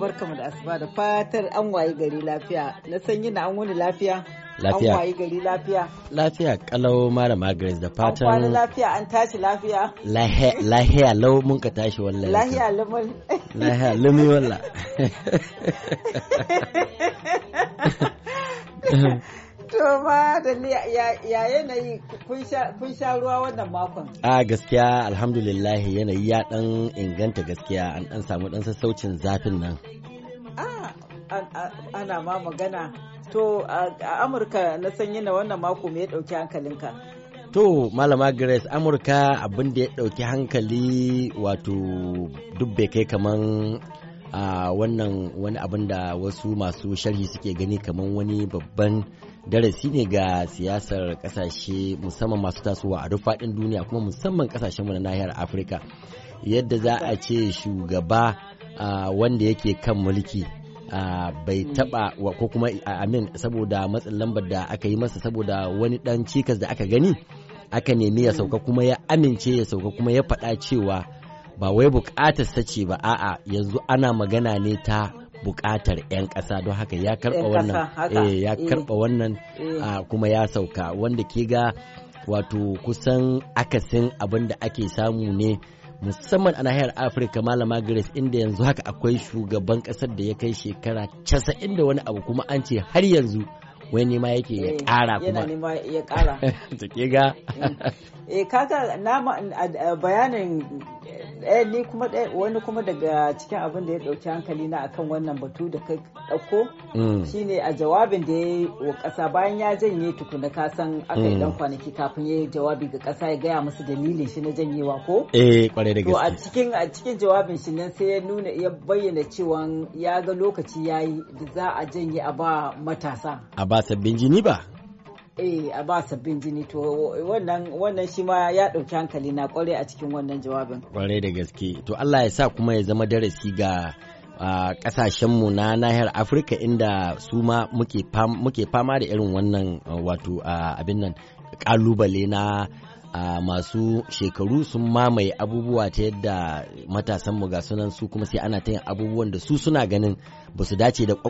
barkamu da asuba da fatar an waye gari lafiya. Na san yana an wani lafiya. Lafiya. An waye gari lafiya. Lafiya kalau mara Grace da fatan. An kwana lafiya an tashi lafiya. Lahiya lau mun ka tashi wallahi. Lahiya lumul. Lahiya lumi wallahi. To ma da ya yanayi kun sha ruwa wannan makon. A gaskiya alhamdulillah yanayi ya dan inganta gaskiya an dan samu dan sassaucin zafin nan. A ana ma magana. To a Amurka na san na wannan mako me ya dauki hankalinka? To Malama Grace Amurka abin da ya dauki hankali wato dubbe bai kai kaman a wannan wani abin da wasu masu sharhi suke gani kamar wani babban darasi ne ga siyasar kasashe musamman masu tasowa a duk faɗin duniya kuma musamman kasashen na nahiyar afirka yadda za a ce shugaba wanda yake kan mulki bai mm. taba ko kuma uh, amin saboda matsin lambar da aka yi masa saboda wani dan cikas da aka gani aka nemi ya sauka mm. kuma ya amince ya sauka kuma ya faɗa cewa ba wai bukatar sace ba a'a yanzu ana magana ne ta bukatar 'yan ƙasa don haka ya karɓa wannan eh, ya eh. karɓa wannan eh. kuma ya sauka wanda ke ga wato kusan akasin abin da ake samu ne musamman a nahiyar afirka malama grace inda yanzu haka akwai shugaban kasar da ya kai shekara casa'in da wani abu kuma an ce har yanzu wai nema yake ya kara kuma nema ya kara ga mm. eh ga na bayanin ɗaya ni kuma wani kuma daga cikin abin da ya ɗauki hankali na akan wannan batu da ka ɗauko mm. shine a jawabin da ya yi wa ƙasa bayan ya janye tukuna ka san. aka yi ɗan mm. kwanaki kafin ya yi jawabi ga ƙasa ya gaya musu dalilin shi na janyewa ko? Eh kwarai da gaske. To a cikin a cikin jawabin shi nan sai ya nuna ya bayyana cewa ya ga lokaci ya yi da za a janye a ba matasa. A ba sabbin jini ba? eh a ba sabbin jini to wannan wannan shi ma ya ɗauki hankali na kware a cikin wannan jawabin kwarai da gaske to Allah ya sa kuma ya zama darasi ga a mu na nahiyar afirka inda su ma muke fama da irin wannan wato abin nan kalubale na a masu shekaru sun mamaye abubuwa ta yadda mu ga sunan su kuma sai ana ta yin abubuwan da su suna ganin ba su dace da su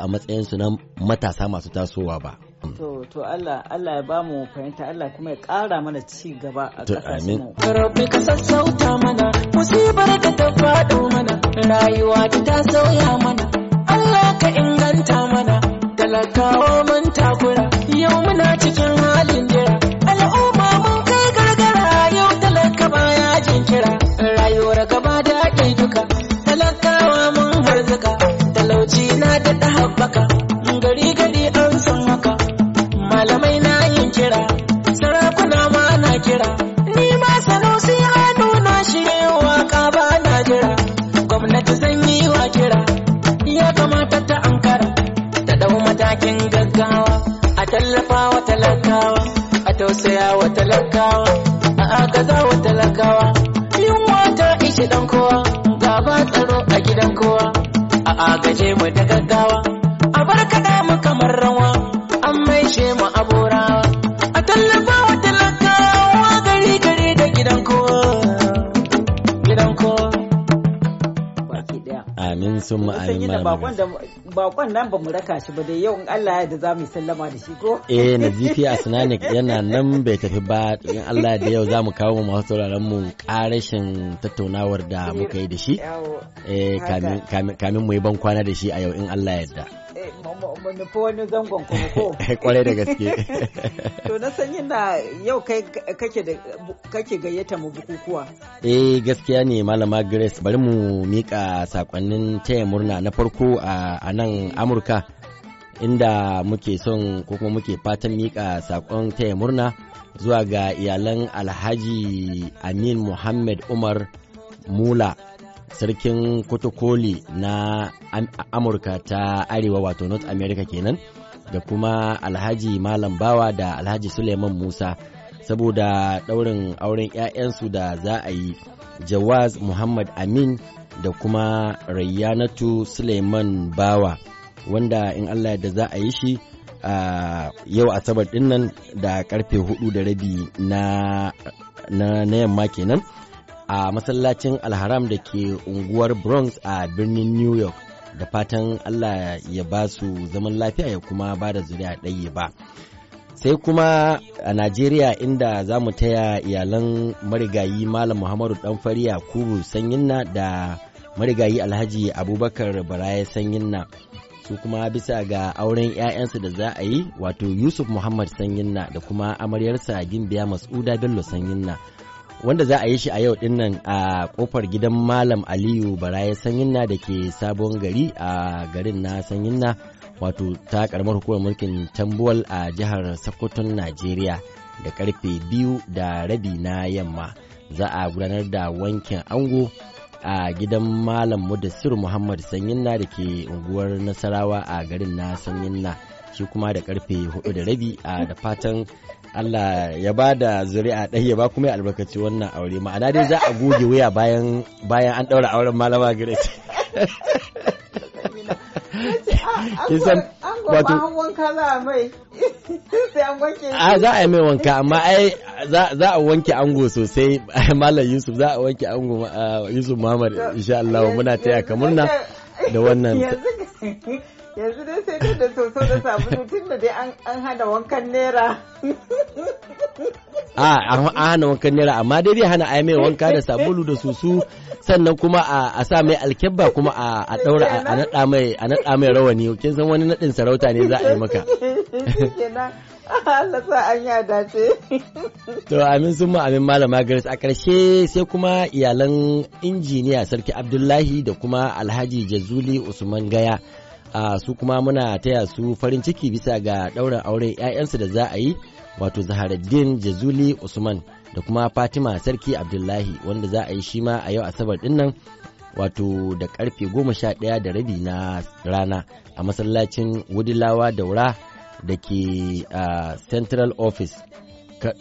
a matsayin su na matasa masu tasowa ba. To, to Allah, Allah ya ba mu fahimta Allah kuma ya ƙara mana ci gaba a Rabbi ka sassauta mana, musibar da ta faɗo mana, rayuwa ta ta sauya mana, Allah ka inganta mana, talakawa mun takura, yau muna cikin halin da yin kira rayuwar gaba da ake duka talakawa mun harzuka talauci na daɗa haɓaka gari gari an san haka malamai na yin kira sarakuna ma na kira ni ma sanusi hannu na shirye waka ba na jira gwamnati zan yi wa kira ya kamata ta ankara ta ɗau matakin gaggawa a tallafa wa talakawa a tausaya wa talakawa bakon nan ba mu raka shi ba dai yau in Allah ya da za mu sallama da shi ko eh a Asnanik yana nan bai tafi ba in Allah da yau za mu kawo masu sauraron mu karashin tattaunawar da muka yi da shi eh kamin mu yi ban kwana da shi a yau in Allah ya yarda Eh, nufi wani zangon kuma ko eh, kwarai da gaske to na san yana yau kai kake gayyata mu bukukuwa eh gaskiya ne malama grace bari mu mika sakonnin taya murna na farko a nan amurka inda muke son ko kuma muke fatan mika sakon taya murna zuwa ga iyalan alhaji amin muhammad umar mula sarkin kotokoli na amurka ta arewa wato north america kenan da kuma alhaji malam bawa da alhaji suleiman musa saboda daurin auren 'ya'yansu da za a yi jawaz muhammad amin da kuma rayyanatu suleiman bawa wanda in allah da za a yi shi a yau asabar dinnan da karfe hudu da rabi na yamma kenan a masallacin alharam da ke unguwar bronx a birnin new york da fatan allah ya ba su zaman lafiya ya kuma ba da zuriya ɗaya ba sai kuma a najeriya inda za mu taya iyalan marigayi malam muhammadu ɗanfariya kubu sanyinna da marigayi alhaji abubakar baraya sanyinna su kuma bisa ga auren 'ya'yansu da za a yi wato yusuf muhammad sanyinna da kuma amaryarsa gimbiya mas'uda bello sanyinna wanda za a yi shi a yau din a kofar gidan Malam Aliyu Baraye Sanyinna da ke sabon gari a garin na Sanyinna wato ta karamar hukumar mulkin Tambuwal a jihar Sokoton Najeriya da karfe biyu da rabi na yamma za a gudanar da wankin ango a gidan Malam Mudassir Muhammad Sanyinna da ke unguwar Nasarawa a garin na Sanyinna. su kuma da karfe hudu da rabi a da fatan Allah ya ba da zuri'a ɗaya ya ba kuma ya albarkaci wannan aure ma'ana dai za a goge wuya bayan bayan an ɗaura auren malama Grace. Kisan a za a yi mai wanka amma ai za a wanke ango sosai malam Yusuf za a wanke ango Yusuf Muhammad insha Allah muna taya ka murna da wannan yanzu dai sai dai da soso da sabulu tun da dai an hana wankan naira a ah, hana wankan naira amma dai hana a mai wanka da sabulu da susu sannan kuma a sa mai alkebba kuma a daura a nada mai a nada mai rawani kin san wani nadin sarauta ne za a yi maka Allah sa an yada dace. To amin sun ma amin malama garis a ƙarshe sai kuma iyalan injiniya Sarki Abdullahi da kuma Alhaji Jazuli Usman Gaya a su kuma muna taya su farin ciki bisa ga ɗaurin auren 'ya'yansu da za a yi wato zaharaddin jazuli usman da kuma fatima sarki abdullahi wanda za a yi shi ma a yau asabar dinnan wato da karfe goma sha ɗaya da rabi na rana a masallacin wudilawa daura da ke central office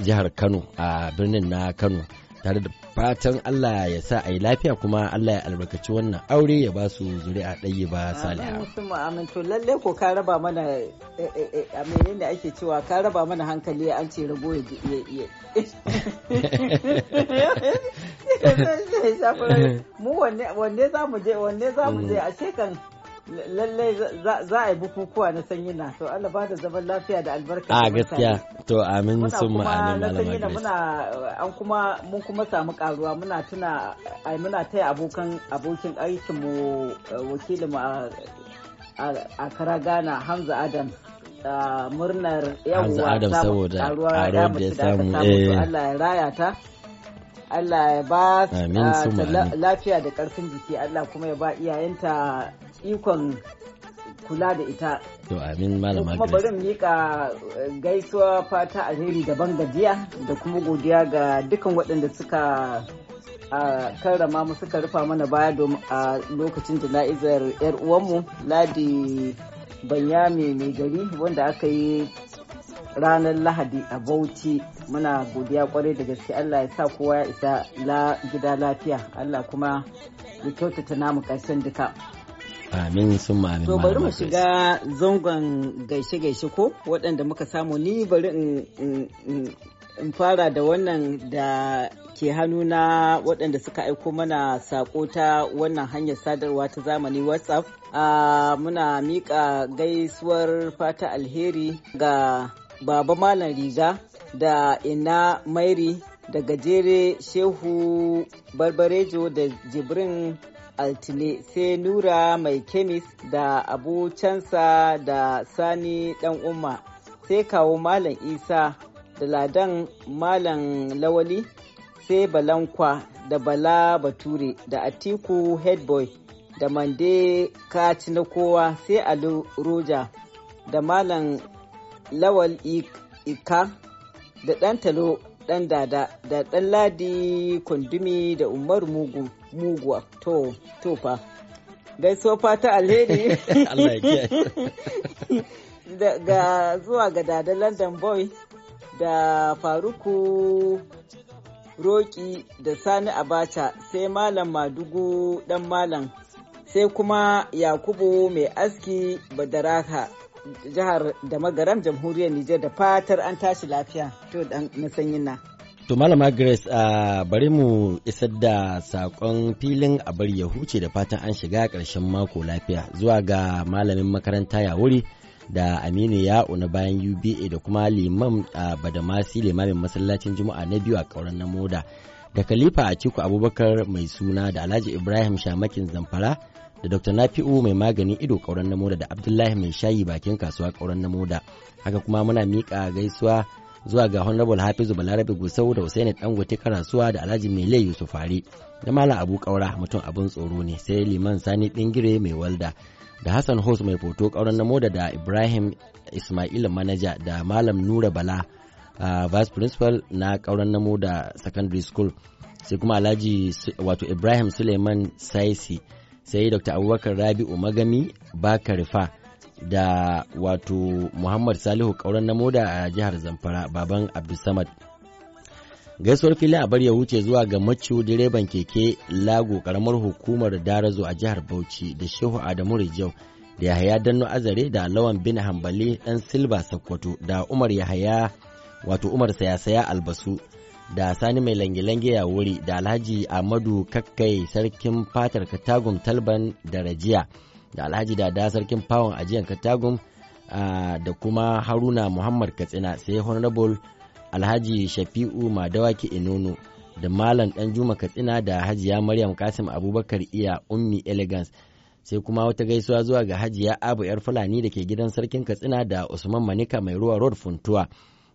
jihar kano a birnin na kano tare da fatan Allah ya sa a yi lafiya kuma Allah ya albarkaci wannan aure ya ba su zuri'a ɗaya ba saliha. Amin to lalle ko ka raba mana a menene ake cewa ka raba mana hankali an ce rago ya iya iya. Mu wanne za mu je wanne za mu je a shekan lallai za a yi bukukuwa na sanyi na to Allah ba da zaman lafiya da albarka a gaskiya to amin sun ma'ani malama mun kuma samu karuwa muna tuna ai muna taya abokan abokin aikin mu eh, wakilin mu a Karagana Hamza Adam ah, murnar Hamza Adam saboda karuwa da ya samu eh. Allah ya raya ta Allah ya ba ah, lafiya da karfin jiki Allah kuma ya ba iyayenta ikon kula da ita. To amin malama Kuma bari mu miƙa eh, gaisuwa fata alheri daban gajiya da kuma godiya ga dukan waɗanda suka a ah, karrama mu suka rufa mana baya a ah, lokacin jana'izar 'yar uwanmu ladi banyame mai gari wanda aka yi ranar lahadi a bauchi muna godiya kwarai da gaske allah ya sa kowa ya isa la gida lafiya allah kuma ya kyautata namu karshen duka amin sun amin to bari mu shiga zangon gaishe-gaishe ko waɗanda muka samu ni bari in fara da wannan da ke hannu na waɗanda suka aiko mana saƙo ta wannan hanyar sadarwa ta zamani whatsapp ah, muna miƙa gaisuwar fata alheri ga baba malam riza da ina mairi da gajere shehu barbarejo da jibrin altine sai nura mai kemis da abu cansa da sani dan umma sai kawo malam isa da ladan malam lawali sai balankwa da bala bature da atiku headboy da mande na kowa sai alu roja da malam lawal ika da ɗan talo ɗan dada da ɗan ladi kundumi da umar mugu muguwa to to fa gaisuwa ta alheri ga zuwa ga dada london boy da faruku roki da sani abacha sai malam madugu dan malam sai kuma yakubu mai aski badaraka jihar da magaram jamhuriyar Nijar da fatar an tashi lafiya to dan musanyin na. To Malama Grace a bari mu isar da sakon filin a bari ya huce da fatan an shiga karshen mako lafiya zuwa ga malamin makaranta ya wuri da Aminu ya na bayan UBA da kuma Limam a Badamasi limamin masallacin Juma'a na biyu a kauran na Moda da Khalifa Atiku Abubakar mai suna da Alhaji Ibrahim Shamakin Zamfara da Dr. Nafi'u mai maganin ido kauran na moda da Abdullahi mai shayi bakin kasuwa kauran na moda. Haka kuma muna miƙa gaisuwa zuwa ga Honorable Hafizu Balarabe Gusau da Usaini Dangote Karasuwa da Alhaji Mele Yusuf Fari da Malam Abu Kaura mutum abun tsoro ne sai Liman Sani Dingire mai walda da Hassan Hos mai foto kauran na moda da Ibrahim Ismail manaja da Malam Nura Bala uh, vice principal na kauran na moda secondary school sai kuma Alhaji wato Ibrahim Suleiman Saisi sai dr abubakar rabi'u magami bakarifa da wato muhammad salihu kauran na moda a jihar zamfara baban abdulsamad gaisuwar fili a bar ya wuce zuwa ga maciu direban keke lago karamar hukumar darazo a jihar bauchi da shehu adamu rijau da yahaya danno azare da lawan bin hambali ɗan silba sakkwato da umar yahaya wato umar sayasaya albasu da sani mai lange-lange ya wuri da alhaji amadu kakkai sarkin fatar katagum talban da rajiya da alhaji dada sarkin fawon ajiyar katagum da kuma haruna muhammad katsina sai honorable alhaji shafi'u madawaki inono da malam dan juma katsina da hajiya maryam kasim abubakar iya ummi elegance sai kuma wata gaisuwa zuwa ga hajiya abu yar fulani da ke gidan sarkin katsina da usman manika mai ruwa road funtuwa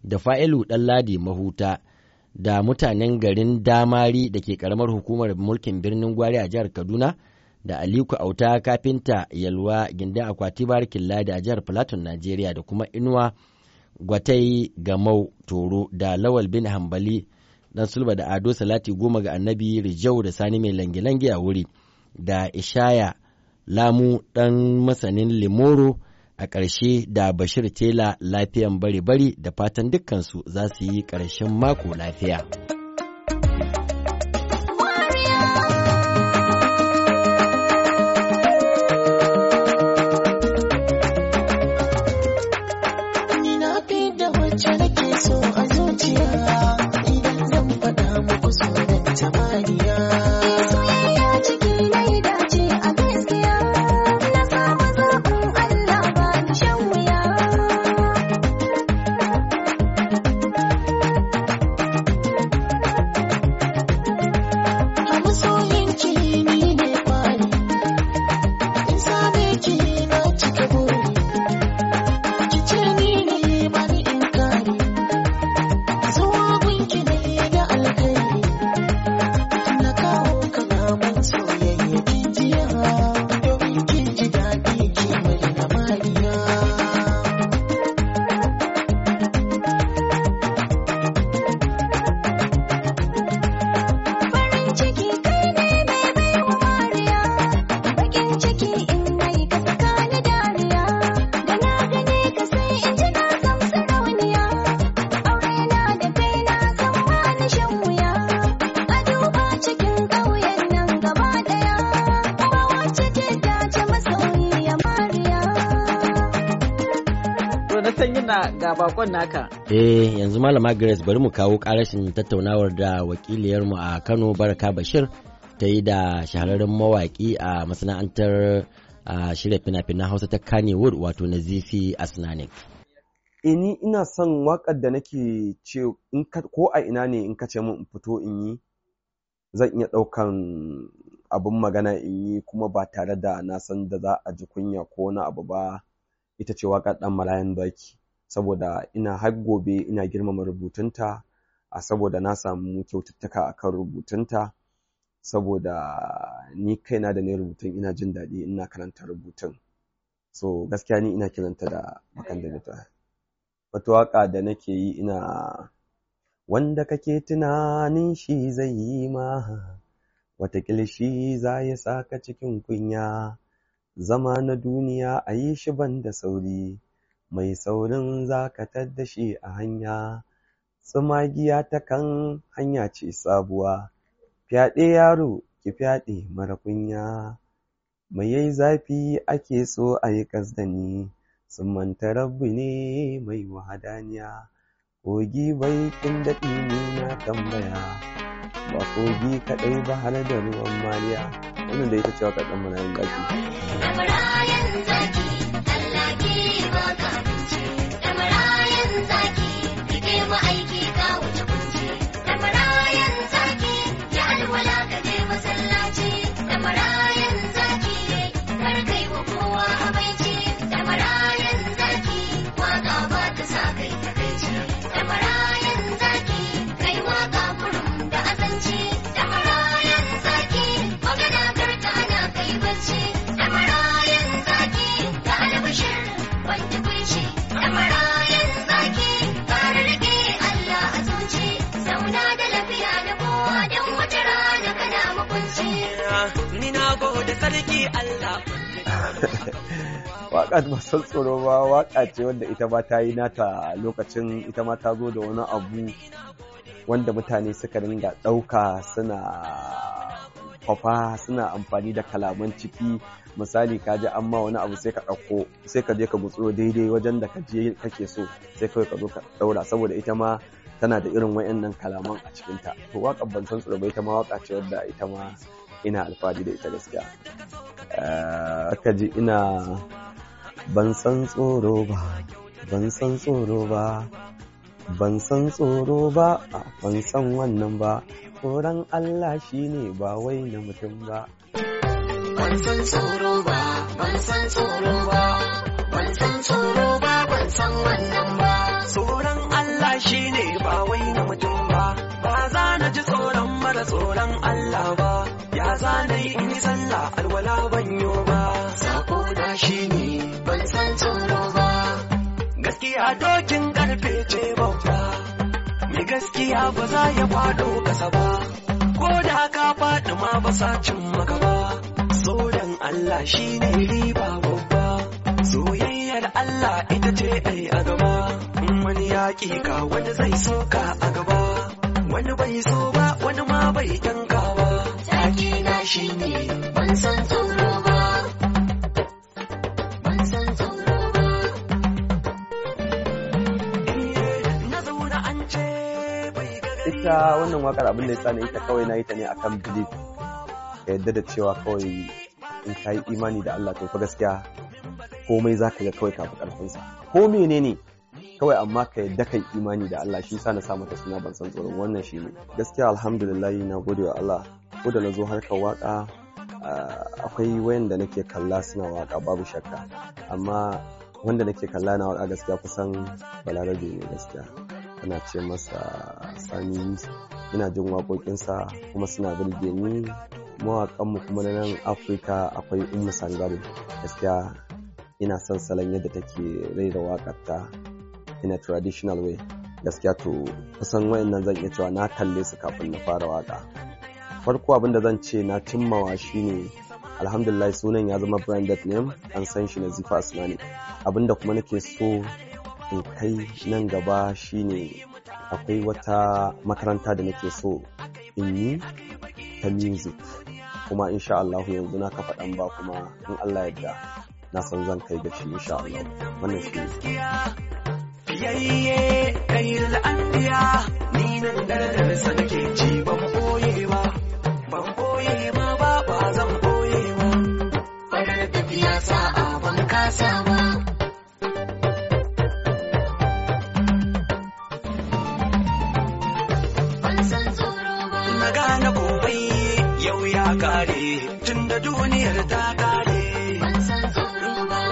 da fa'ilu dan ladi mahuta da mutanen garin damari da ke karamar hukumar mulkin birnin gwari a jihar kaduna da aliku auta kafinta yalwa gindin akwati barikin ladi a jihar platon najeriya da kuma inuwa gwatai gamau toro da lawal bin hambali dan sulba da ado salati goma ga annabi rijau da sani mai lange-lange a wuri da ishaya lamu dan masanin limoro a ƙarshe da Bashir Tela lafiyan bari-bari da fatan dukkansu za su yi ƙarshen mako lafiya. bakon naka. Eh yanzu malama Grace bari mu kawo karashin tattaunawar da wakiliyarmu a Kano Baraka Bashir ta yi da shahararren mawaki a masana'antar shirya fina-finan Hausa ta Kannywood wato na Zifi Asnanik. Ini eh, ina son waƙar da nake ce ko a ina ne in kace mun in fito in yi zan iya ɗaukan abin magana in yi kuma ba tare da na san da za a ji kunya ko na abu ba ita ce waƙar ɗan malayan baki saboda ina har gobe ina girmama rubutunta a saboda na samu kyaututtuka akan rubutunta saboda ni kaina da ne rubutun ina jin daɗi ina karanta rubutun so gaskiya ni ina kiranta da bakan da ta wata waka da nake yi ina wanda kake tunanin shi zai yi ma watakila shi za ya saka cikin kunya zama na duniya a yi shi ban da sauri mai saurin zakatar da shi a hanya tsumagiya ta kan hanya ce sabuwa fyaɗe yaro ki fyaɗe mara kunya mai yai zafi ake so a yi ƙasdani sun manta rabbi ne mai wahadaniya kogi bai kin daɗi ne na tambaya ba kogi kaɗai ba har da ruwan mariya wannan da ita cewa kaɗan yin zaki も歩き sarki Allah. Waƙar tsoro ba waƙa ce wanda ita ma ta yi nata lokacin ita ma ta zo da wani abu wanda mutane suka ringa ɗauka suna kwafa suna amfani da kalaman ciki misali ka ji an ma wani abu sai ka ɗauko sai ka je ka gutsuro daidai wajen da ka je kake so sai kawai ka zo ka ɗaura saboda ita ma tana da irin wayannan kalaman a cikinta to waƙar ban san tsoro ita ma waƙa ce wadda ita ma ina alfahari da ita gaskiya eh, ka ji ina ban san tsoro ba ban san tsoro ba ban san tsoro ba ban san wannan ba tsoron Allah shi ne ba wai na mutum ba ban san tsoro ba ban san tsoro ba ban san tsoro ba ban san wannan ba tsoron Allah shi ne ba wai na mutum ba ba za na ji tsoron mara tsoron Allah ba ya zanayi in yi sallah alwala banyo ba sako shi shine ban san tsoro ba gaskiya dokin karfe ce bauta mai gaskiya ba za ya faɗo kasa ba ko da ka faɗi ma ba sa cin maka ba tsoron Allah shi ne riba babba soyayyar Allah ita ce ai a gaba wani ya ka wani zai soka a gaba wani bai so ba wani ma bai tankawa ita wannan wakar abin da ya tsani ita kawai na ita ne akan belief ka yadda da cewa kawai in ka yi imani da Allah to fa gaskiya komai za ka ga kawai kafin ƙarfinsa ko menene kawai amma ka yadda kai imani da Allah shi sa na sa mata suna ban san tsoron wannan shi ne gaskiya alhamdulillah na gode wa Allah ko da na zo harkar waka ah, akwai wayanda nake kalla suna waka babu shakka amma wanda nake kalla na waka gaskiya kusan balarabe ne gaskiya ana ce masa sami ina jin waƙoƙinsa kuma suna birge ni mawaƙanmu kuma na nan afirka akwai ummu sangare gaskiya ina son salon yadda take raira waƙarta in a traditional way gaskiya to kusan wayannan zan iya cewa na kalle su kafin na fara waƙa. farko abin da zan ce na cimmawa shine alhamdulillah sunan ya zama branded name an san shi na zifa asmani abin da kuma nake so in kai nan gaba shine akwai wata makaranta da nake so in yi ta music kuma insha Allah yanzu na kafa dan ba kuma in Allah yadda na san zan kai gaci insha Allah wannan shi yayye kai la'andiya ni nan da da sanake ci ban boye kasawa. Na gane gobe yau ya kare tunda duniyar ta kare.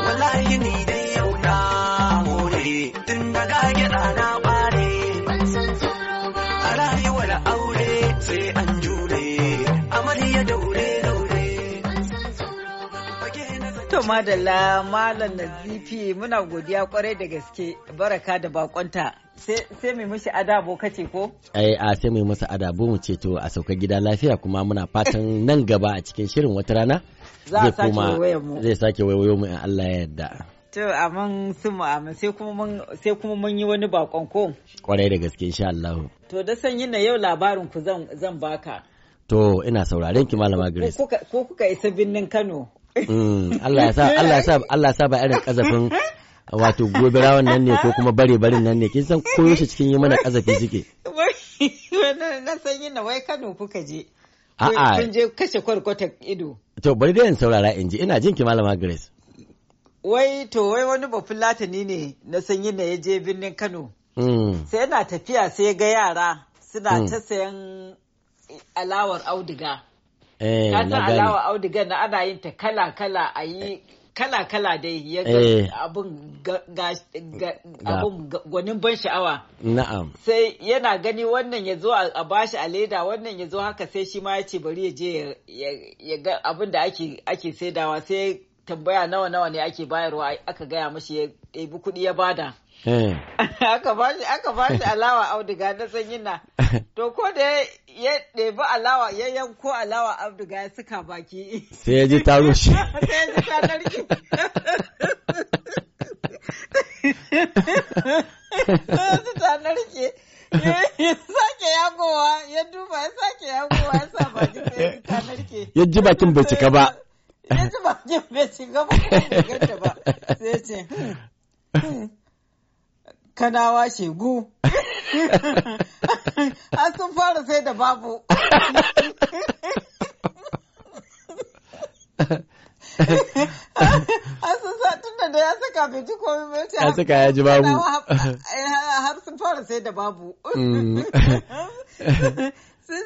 Wallahi ni dai yau na more tunda gage na bare. A rayuwar aure sai an jure amarya daure. To madalla malam nazifi muna godiya kwarai da gaske baraka da bakonta sai mai mushi adabo kace ko? Ai a sai mai masa adabo mu ce to a sauka gida lafiya kuma muna fatan nan gaba a cikin shirin wata rana zai kuma zai sake wayo mu in Allah ya yarda. To amin sun amma sai kuma mun sai kuma mun yi wani bakon ko? Kwarai da gaske insha Allah. To da san yin na yau labarin ku zan baka. To ina sauraren ki malama Grace. Ko kuka isa birnin Kano Mm, Allah ya sa Allah ya sa Allah ya sa ba irin kazafin wato gobirawan nan ne ko kuma bare barin nan ne kin san koyo shi cikin yi mana kazafi suke na san yin wai Kano kuka je a'a kun je kashe kwarkwata ido to bari dai yin saurara in ji ina jin ki malama Grace wai to wai wani bafulatani ne na san yin ya je birnin Kano mm. sai yana tafiya sai ga yara suna mm. ta sayan alawar auduga eh na gane alawa audiga ana yin ta kala kala a yi kala kala dai ya eh. abun gwanin ban sha'awa na'am sai yana gani wannan ya zo a bashi a leda wannan ya zo haka sai shi ma ya ce bari ya je ya ga abin da ake ake saidawa sai tambaya nawa nawa ne ake bayarwa aka gaya mashi ya ɗebi kuɗi ya bada Eh. aka shi aka alawa auduga na sanyina to ko da ya ɗebi alawa ya yanko alawa auduga ya suka baki sai ya ji ta rushe sai ya ji ta narke sai ta narke ya sake yagowa ya duba ya sake yagowa ya sa baki ya ji ta narke ya ji bakin bai cika ba ya ji bakin bai cika ba ya ce hmm. kanawa shegu an sun fara sai da babu an sun sa tunda da ya saka bai ji komai ba ya saka ya ji babu eh, har sun fara sai da babu mm. sun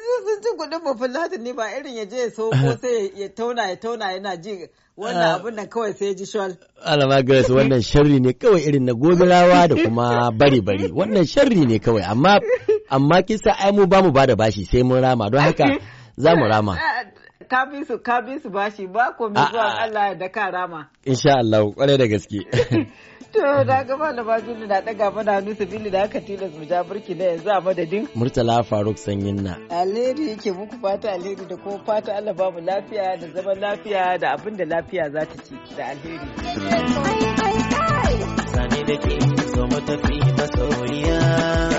ci kudin bafulatin ne ba irin ya je ya so ko sai ya tauna ya tauna yana ji wannan ah. abin nan kawai sai ya ji shawal. Alama Grace wannan sharri ne kawai irin na gobirawa da kuma bari bari wannan sharri ne kawai amma amma kisa ai mu ba mu ba da bashi sai mun rama don haka za mu rama. Ka bi su ka bi su bashi ba ko zuwa Allah da ka rama. Insha Allah kwarai da gaske. To na ga malama Juli na ɗaga mana hannu sabili da aka tilas mu ja burki na yanzu a madadin. Murtala Faruk Sanyin na. Alheri yake muku fata alheri da kuma fata Allah babu lafiya da zaman lafiya da abin da lafiya za ta ci da alheri. Sani da ke zo matafi masoyiya.